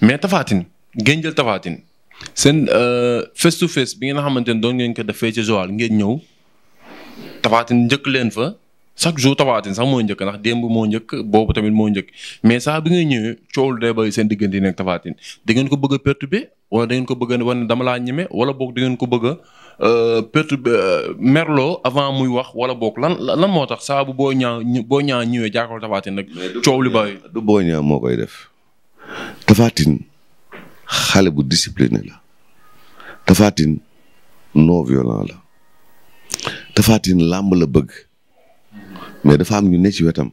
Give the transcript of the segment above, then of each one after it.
mais Tafatine ngeen jël Tafatine seen euh, face to face bi ngeen xamante ne doon ngeen ko defee ci Joal ngeen ñëw Tafatine njëkk leen fa chaque jour Tafatine sax moo njëkk ndax démb moo njëkk boobu tamit moo njëkk mais saa bu ngeen ñëwee coow lu day bëri seen diggante nekk Tafatine da ngeen ko bëgg a perturber wala da ngeen ko bëgg a wane dama laa ñeme wala boog da ngeen ko bëgg a euh, perturber euh, merloo avant muy wax wala book lan lan moo tax saa boo ñaa boo ñaa ñëwee jàkkaarloo Tafatine nag coow ba bëri. du boo ñaa moo koy def. tafaatin xale bu discipliné la Tapha Tine non violent la Tapha Tine làmb la bëgg mais dafa am ñu ne ci wetam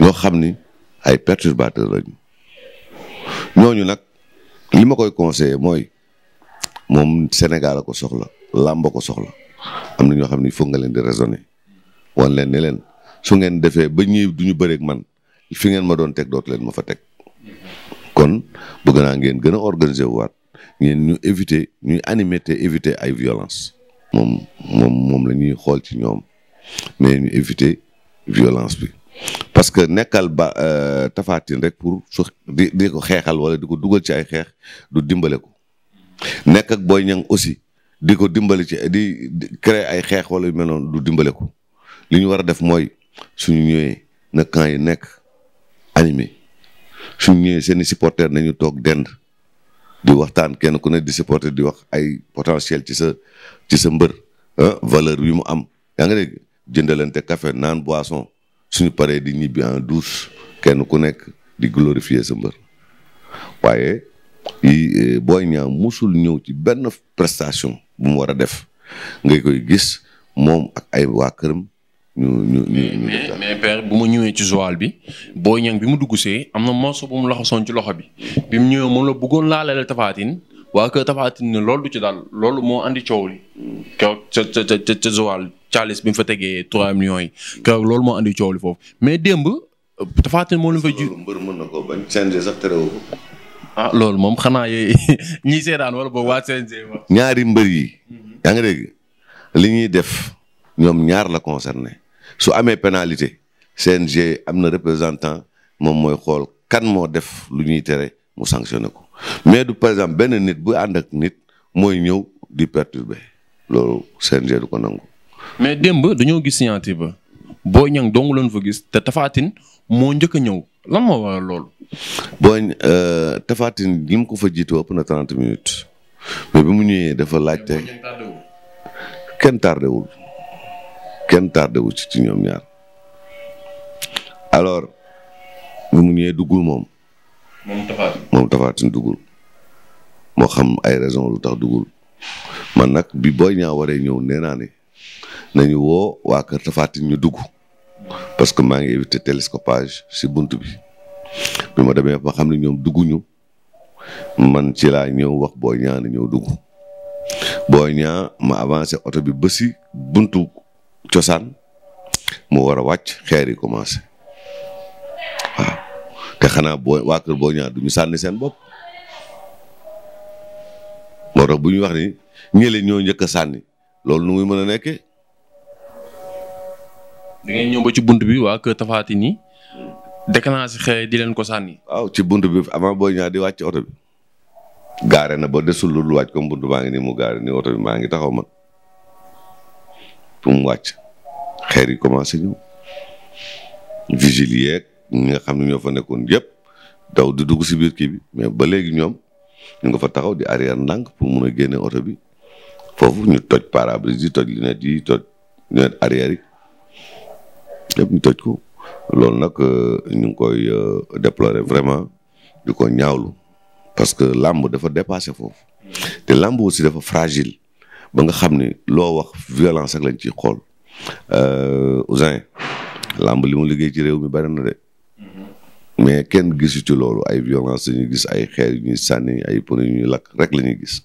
ñoo xam ni ay perturbateurs lañu ñu nag li ma koy conseillé mooy moom senegal a ko soxla làmb a ko soxla am na ñoo xam ni foog nga leen di raisonner wan leen ne leen su ngeen defee ba ñii du ñu bëreeg man fi ngeen ma doon teg dootu leen ma fa teg. kon bëgg naa ngeen gën a organiser waat ngeen ñu éviter ñuy animer te éviter ay violence moom moom moom la ñuy xool ci ñoom mais ñu éviter violence bi parce que nekkal ba euh, Tapha Tine rek pour su di ko xeexal wala di ko dugal ci ay xeex du dimbale ko nekk booy Boy aussi di ko dimbali ci di créer ay xeex wala yu mel noonu du dimbale ko li ñu war a def mooy suñu ñëwee na camp yi nekk animé suñ ñëwee seeni supporter nañu toog dend di waxtaan kenn ku ne di supporter di wax ay potentiel ci sa ci sa mbër valeur bi mu am yaa nga dégg jëndalante café naan boisson suñu paree di ñibbi en douce kenn ku nekk di glorifier sa mbër waaye booy eh, Boy musul ñëw ci benn prestation bu mu war a def ngay koy gis moom ak ay waa këram mais mais bu ma ñëwee ci Joal bi boo Niang bi mu dugg see am na morceau bu mu soon ci loxo bi bi mu ñëwee moom la buggoon laaleele Tapha waa kër Tapha Tine ne loolu du ci daal loolu moo andi coow li kaw ca ca ca ca Joal fa tegee 3 millions yi kaw loolu moo andi coow foofu mais démb Tapha moo leen fa mën na ko bañ CNG sax ah, loolu moom xanaa yooyu ñiy seetaan wala boog waa CNG. ñaari mbër yi. Mhm. yaa li ñuy def ñoom ñaar la concerné. su amee pénalité CNG am na représentant moom mooy xool kan moo def lu ñuy tere mu sanctionné ko mais du par exemple benn nit bu ànd ak nit mooy ñëw di perturber loolu CNG du ko nangu. mais démb dañoo gis signature ba Boy Niang dong loon fa gis te Tapha moo njëkk ñëw lan moo waral loolu. Boy euh, Tapha Tine mu ko fa jiitu ëpp na 30 minutes mais bi mu ñëwee dafa laajte. kenn tardé kenn tardé wu ci ci ñoom ñaar alors bu mu ñëwee duggul moom. moom Tapha Tine moo xam ay raison lu tax duggul man nag bi booy Niang waree ñëw nee naa ne nañu woo waa kër Tapha Tine ñu dugg parce que maa ngi éviter télescopage si bunt bi bi ma demee ba xam ne ñoom dugguñu man ci laa ñëw wax booy Niang na ñëw dugg Boy Niang ma avancé oto bi ba buntu cosaan mu war a wàcc xeeri yi commencé waaw te xanaa boo waa kër boo ñaa duñu sànni seen bopp moo tax bu ñu wax ni ñële ñoo njëkk a sànni loolu nu muy mën a nekkee. da ngeen ñëw ba ci bunt bi waa kër Tapha Tine nii si xeer di leen ko sànni. waaw ci bunt bi avant boo ñaa di wàcc oto bi. gaare na boo de lu dul wàcc comme buntu ngi nii mu gaare nii oto bi maa ngi taxaw man fu mu wàcc xeer yi commencé ñëw vigile yeeg ñi nga xam ne ñoo fa nekkoon yëpp daw di dugg si biir kii bi mais ba léegi ñoom ñu nga fa taxaw di arrière ndànk pour mun a génne oto bi foofu ñu toj pare-brise yi toj lunette yi toj lunette arrière yi ñu toj ko loolu nag euh, ñu ngi koy euh, déplorer vraiment di ko ñaawlu parce que làmb dafa dépassé foofu te làmb aussi dafa fragile ba nga xam ni loo wax violence ak lañ ciy xool Euh, Ousin làmb li mu liggéey ci réew mi bari na de. mais kenn gisu ci loolu ay violence la gis ay xeer yu ñuy sànni ay pono yu ñuy lakk rek la gis.